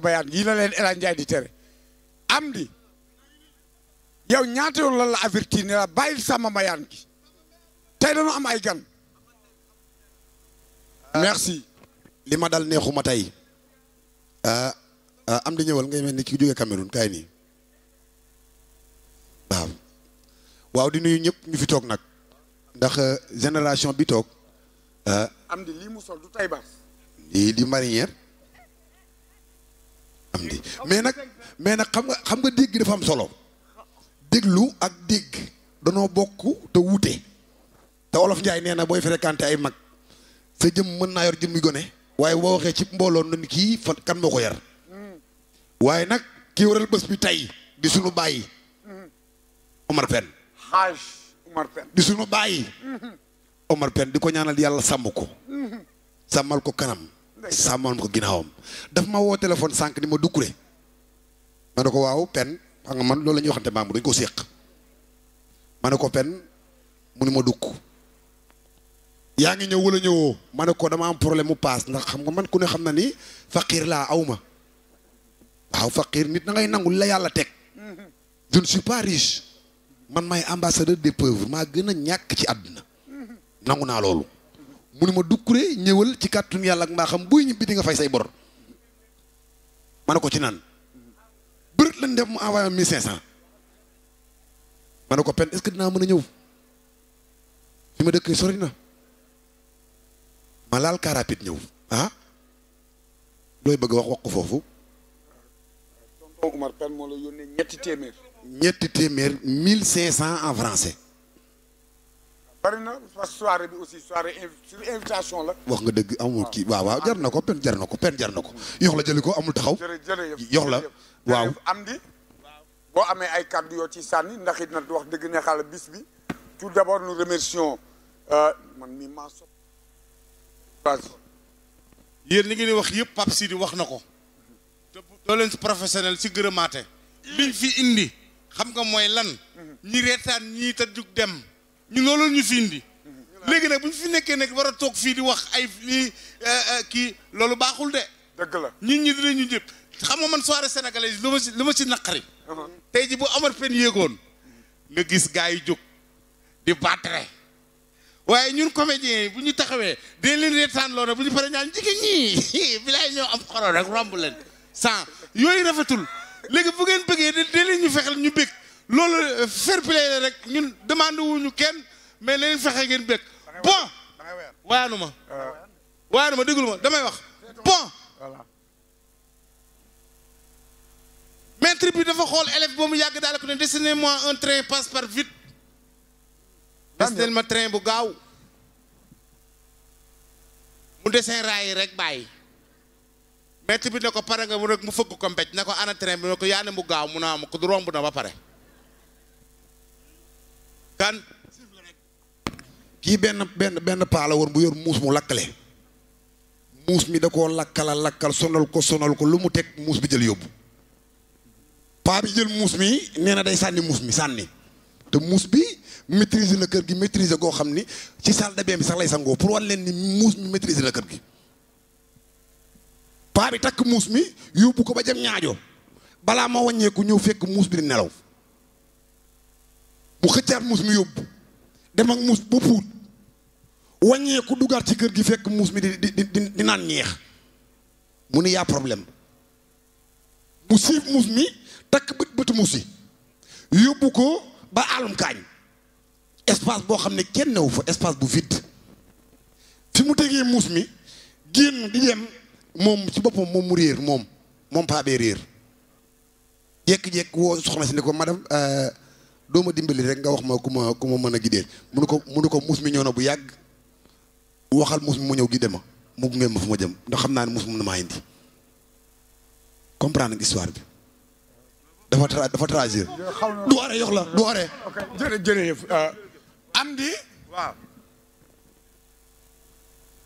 bayaan yii la leen El Hadj di tere am di yow ñaata yoon lan la avertir ne la bàyyil sàmm bayaan gi tey dañu am ay gan merci li ma dal neexuma tey ah, ah, am di ñëwal ngay mel ni ki jógee Cameroun kaay nii waaw waaw di nuyu ñëpp ñu fi toog nag ndax euh, génération bi toog ah. am di lii mu sol du tay baas lii di marinière am di mais nag mais nag xam nga xam dégg dafa am solo déglu ak dégg danoo bokk te wuute te olof Njaay nee na booy fréquenté ay mag sa jëm mën naa yor jëm yu gone waaye boo waxee ci mbooloo nañ kii fan kam moo ko yar waaye nag kii waral bés bi tey di sunu bàyyi Omar Pène di sunu bàyyi Omar Pène di ko ñaanal yàlla sàmm ko mm-hmm. sàmmal ko kanam sàmmoon ko ginnaawam daf ma woo téléphone sànq ni ma dukkure ma ne ko waaw pen xam nga man loolu la ñuy waxante maamu dañ koo séq ma ne ko pen mu ni ma dukk yaa ngi ñëw wala ñëwoo ma ne ko dama am problème mu paas ndax xam nga man ku ne xam na ni faqiir laa awma ma waaw faqiir nit na nangu la yàlla teg je ne man may ambassadeur des pauvres maa gën a ñàkk ci àddina nangu naa loolu mu ne ma dukkure ñëwal ci kàttun yàlla ak mbaaxam buy ñibbi di nga fay say bor ma ne ko ci naan bërët lañ def mu envoyé mille cinq cent ma ne ko pen est-ce que dinaa mën a ñëw fi ma dëkkee sori na ma laal car rapide ñëw ah looy bëgg wax wax ko foofu tonton Oumar Pène moo la yónnee ñetti téeméer ñetti téeméer mille cinq cent en français bari na parce que bi aussi soirée invitation la. wax nga dëgg amul kii waaw waaw ah. jar na ko pen jar na ko pen jar na ko yox la jëli ko amul taxaw. jërëjëf yox la waaw am di. boo amee ay kàddu yoo ci sànni ndax it nag wax dëgg ne xala bis bi. tout d' abord nous remercions euh, man mii maa so. yéen li ngeen di wax yëpp Pape Sidi wax na ko. te doo leen professionnel ci gërëmaate. liñ fi indi. xam nga mooy lan. ñi reetaan ñii ta dem. ñu loolu ñu fi indi léegi nag bu ñu fi nekkee nekk war a toog fii di wax ay lii eh, eh, kii loolu baaxul de. dëgg la nit ñi ñu jëpp xam nga man soirée sénégalaise lu si lu ma si naqari. Uh-huh. tey ji bu Amar Pène yéegoon nga gis gaa yi jóg di battre waaye ñun comédien yi bu ñu taxawee dee leen reetaan loo ne bu ñu paree ñaan jigéen ñii bilaay ñoo am xoro rek romb leen sans yooyu rafetul léegi bu ngeen bëggee dee leen ñu fexeel ñu bëgg. loolu euh, fair play la rek ñun demande wuñu kenn mais leen fexe ngeen bëgg bon wayaanu ma wayaanu ma déglu ma damay wax bon maître bi dafa xool élève ba mu yàgg daal ko ne dessinez moi un train passe par vite dessinez ma train bu gaaw mu dessin raay yi rek bàyyi maître bi ne ko pare nga mu rek mu fëgg ko mbéj na ko ana train bi ne ko yaane mu gaaw mu naa ah, ma ko romb na ba pare kan kii benn benn benn paa la woon bu yor muus mu lakkale muus mi da koo lakkala lakkal sonal ko sonal ko lu mu teg muus bi jël yóbbu paa bi jël muus mi nee day sànni muus mi sànni te muus bi maîtriser na kër gi maîtriser goo xam ni ci salle de bi sax lay sangoo pour wan leen ni muus mi maîtriser na kër gi paa bi takk muus mi yóbbu ko ba jëm ñaajo balaa ma wàññeeku ñëw fekk muus bi di nelaw mu xëccaat muus mi yóbbu dem ak muus ba puut wàññeeku dugaat ci kër gi fekk muus mi di di di naan ñeex mu ne yaa problème mu siif muus mi takk bët bëtu muus yi yóbbu ko ba alum kaañ espace boo xam ne kenn newu fa espace bu vide fi mu tegee muus mi génn di dem moom ci boppam moom mu réer moom moom paa réer jékki-jékki woo soxna si ne ko madame. Euh, doo dimbali rek nga wax ma ku ma ku ma mën a gideel munu ko munu ko mus mi ñëw na bu yàgg waxal mus mi mu ñëw gide ma mu gunge ma fu ma jëm ndax xam naa ne mus mu na maa indi comprendre dafa tra dafa euh,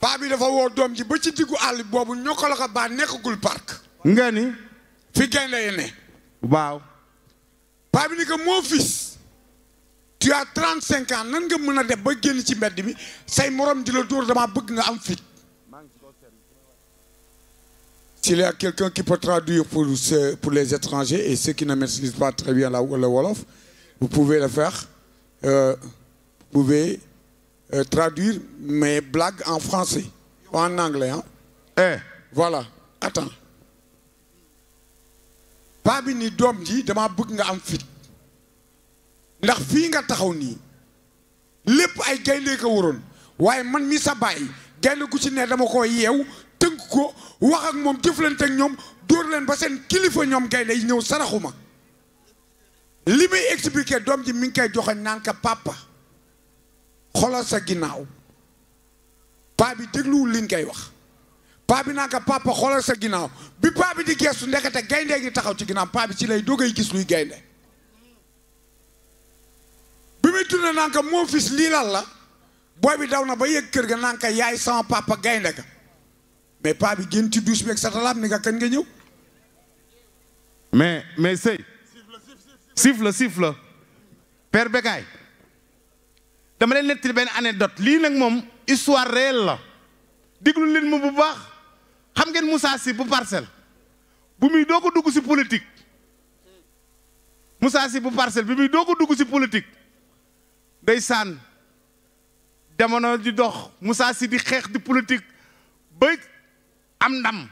paa bi dafa woo doom ji ba ci diggu àll boobu ñokkal ko baa nekkagul parc. nga ni. fi gaynde yi ne. waaw. paa bi ni ko moo fis tu as 35 nan nga mën a def ba génn ci mbedd mi say morom di la dóor dama bëgg nga am fit s'il y a quelqu'un qui peut traduire pour ce, pour les étrangers et ceux qui ne maîtrisent pas très bien la le wolof vous pouvez le faire euh, pouvez euh, traduire mes blagues en français en anglais hein eh voilà attends paa bi ni doom ji dama bëgg nga am fit ndax fii nga taxaw nii lépp ay gaynde ko waroon waaye man mi sa baay gaynde gu ci ne dama ko yeew tënk ko wax ak moom jëflante ak ñoom dóor leen ba seen kilifa ñoom gaynde yi ñëw saraxuma li muy expliqué doom ji mi ngi koy joxe naan ka papa xoolal sa ginnaaw paa bi dégluwul liñ koy wax paa bi naan ka xoolal sa ginnaaw bi paa bi di geestu ndekete gaynde gi taxaw ci ginnaaw paa bi ci lay doogay gis luy gaynde tourné naan ko mon fils lii lan la booy bi daw na ba yëg kër ga naan ko yaay sama papa gaynde ga mais paa bi génn ci douche bi sa satalaam ni nga kañ nga ñëw. mais mais sëy siffle siffle père Bécaye dama leen nettali benn anecdote lii nag moom histoire réelle la déglu leen ma bu baax xam ngeen Moussa Sy bu parcelle bu muy doo ko dugg si politique Moussa bu parcelle bi muy doo ko dugg ci politique ndeysaan jamono di dox Moussa Sy di xeex di politique ba am ndam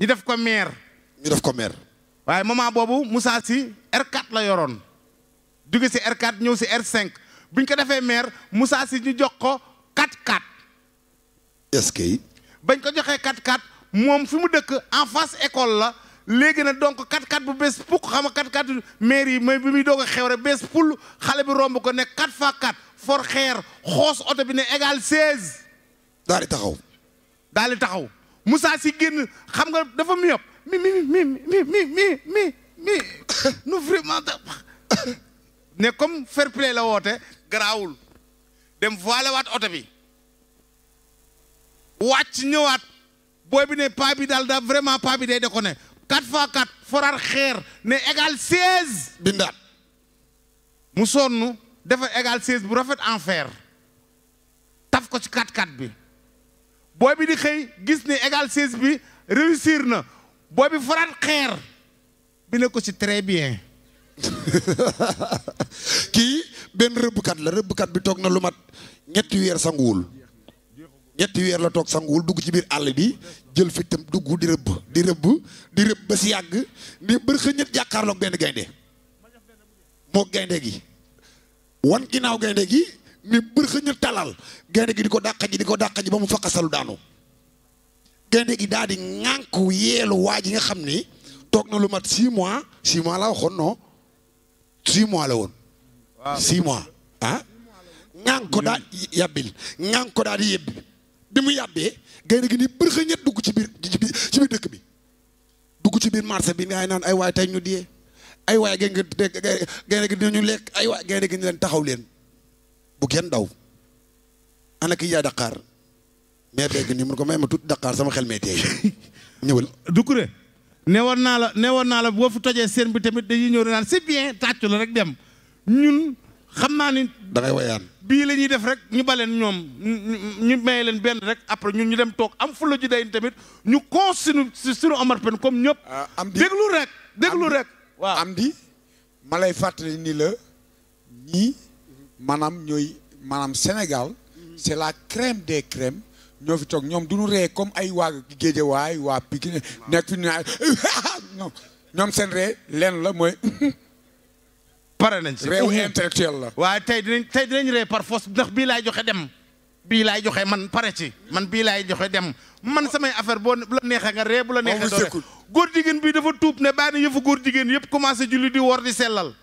ñu def ko maire. ñu def ko maire. waaye moment boobu Moussa si R4 la yoroon jóge si R4 ñëw si r cinq bu ko defee maire Moussa si ñu jox ko 4-4. est-ce que. bañ ko joxee 4-4 moom fi mu dëkk en face école la. léegi nag donc kat kat bu bees pukk xam nga kat kat maire yi mooy bi muy doog a xew rek bees pull xale bi romb ko ne quatre fois quatre for xeer xoos oto bi ne égal seize. daal di taxaw. daal di taxaw Moussa si génn xam nga dafa mi yop mi mi mi mi mi mi mi nu vraiment ne comme fair play la woote garaawul dem voilé waat oto bi wàcc ñëwaat booy bi ne paa bi daal daal vraiment paa bi day de ko ne 4 fois 4 forar xeer ne égal 16 bindaat mu sonn dafa égal 16 bu rafet en fer taf ko ci 4 4 bi booy bi di xëy gis ne égal 16 bi réussir na booy bi foraat xeer bi ne ko ci très bien kii benn rëbbkat la rëbbkat bi toog na lu mat ñetti weer sanguwul ñetti weer la toog sanguwul dugg ci biir àll bi jël fi tam dugg di rëbb di rëbb di rëbb ba si yàgg ni bër xëñ ñett jàkkaarloog gaynde moo gaynde gi wan ginnaaw gaynde gi ni bër xëñ ñett gaynde gi di ko dàq ji di ko dàq ji ba mu faqasalu daanu gaynde gi daal di ŋànk yeelu waa ji nga xam ni toog na lu mat six mois six mois la waxoon non six mois la woon six mois ah ŋànk ko daal yàbbil ŋànk ko daal di yëbbi bi mu yàbbee gaynde gi ni bërxa ñett dugg ci biir ci dëkk bi dugg ci biir marché bi ngay naan ay waay tey ñu diyee ay waay gaynde gi dinañu lekk ay waay gaynde gi ni leen taxaw leen bu kenn daw ana ki yaa Dakar mais bégg ni mun ko may ma tuuti Dakar sama xel may teey ñëwal Doucouré ne woon naa la ne woon naa la boo fi tojee seen bi tamit dañuy ñëw naan c'est bien tàccu la rek dem ñun xam naa ni da ngay wayaan bii la ñuy def rek ñu baleen ñoom ñu may leen benn rek après ñun ñu dem toog am fulla ji day tamit ñu koos suñu suñu Omar pen comme ñëpp ah, am di déglu rek déglu rek waaw am di ma lay fàttali ni la ñii maanaam ñooy maanaam Sénégal c'est la crème de crèmes ñoo fi toog ñoom duñu ree comme ay géeje Géejawaay waa Pikine nekk fi ñu non ñoom seen ree leen la mooy pare nañ si réew intellectuel la. waaye tey dinañ tey dinañ ree par force ndax bii laay joxe dem bii laay joxe man pare ci man bii laay joxe dem man samay affaire boo bu la neexee nga ree bu la neexee doo góor jigéen bii dafa tuub ne bàyyi na yëfu góor jigéen yëpp commencé julli di wor di sellal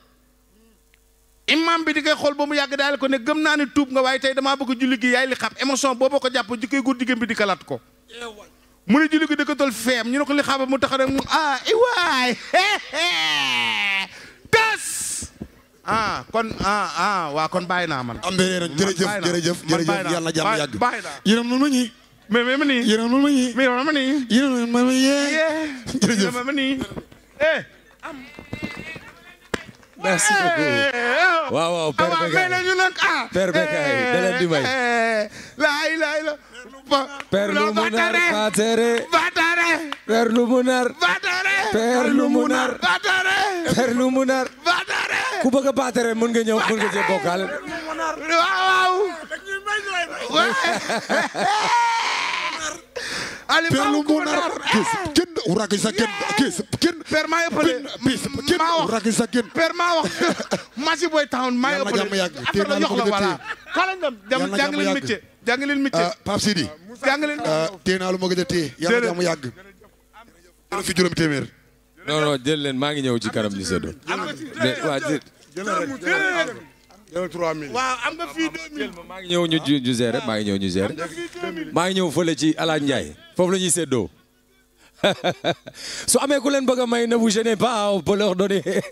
imam bi di koy xool ba mu yàgg daal ko ne gëm naa ne tuub nga waaye tey damaa bëgg julli gi yaay li xam émotion boobu ko jàpp ji koy góor jigéen bi di kalaat ko mu ne julli gi da ko tol feem ñu ne ko li xam mu tax rek mu ah, ah kon ah ah waa kon bàyyi naa man. am na jërëjëf jërëjëf jërëjëf yàlla jàmm yàgg bàyyi naa yéen a mën ma ñii. mais mais ma nii yéen a mën ma ñii. mais ma nii. yéen a mën ma yee. jërëjëf ma nii. merci beaucoup waaw waaw Père ah, Bécaye may nañu nag ah. Père Bécaye eh, da leen di may. Eh, eh, laay laay la. Père Lumunar Batare. Batare. Père Lumunar. Batare. Père Lumunar. Batare. Père Lumunar. ku bëgg a baatere mën nga ñëw mën nga cee bokkaale. waaw waaw. Aliou maa ngi ko nar gis kenn wurag sa kenn gis kenn. père maa yëppale kenn wurag sa Boy Town maa yëppale affaire la jox la voilà. kala ah, ah, lu ma gëj a téye yàlla yàgg. fi juróomi téeméer. non jël leen maa ngi ñëw ci kanam ñu séddoo. mais waa jël. jël 3000. waaw am nga fii 2000. maa ngi ñëw ñu ñu maa ngi ñëw ñu géré. maa ngi ñëw fële ci El Hadj Ndiaye foofu la ñuy séddoo su amee ku leen bëgg a may ne vous gênez pas on peut